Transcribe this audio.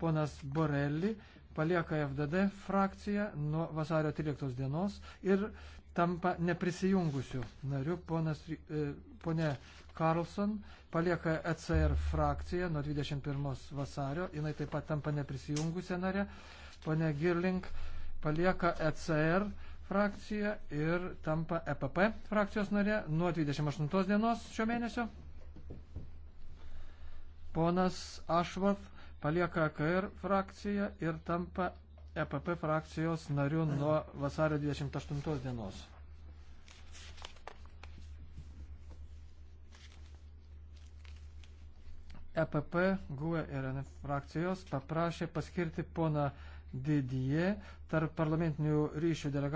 ponas Borelli palieka FDD frakciją nuo vasario 13 dienos ir tampa neprisijungusiu nariu. Ponas, e, ponė Carlson palieka ECR frakciją nuo 21 vasario, jinai taip pat tampa neprisijungusią narę. Pone Girling palieka ECR frakciją ir tampa EPP frakcijos narė nuo 28 dienos šio mėnesio. Ponas Ašvath palieka AKR frakciją ir tampa EPP frakcijos nariu nuo vasario 28 dienos. EPP, GUE ir NF frakcijos paprašė paskirti poną Didie tarp parlamentinių ryšių delegacijų.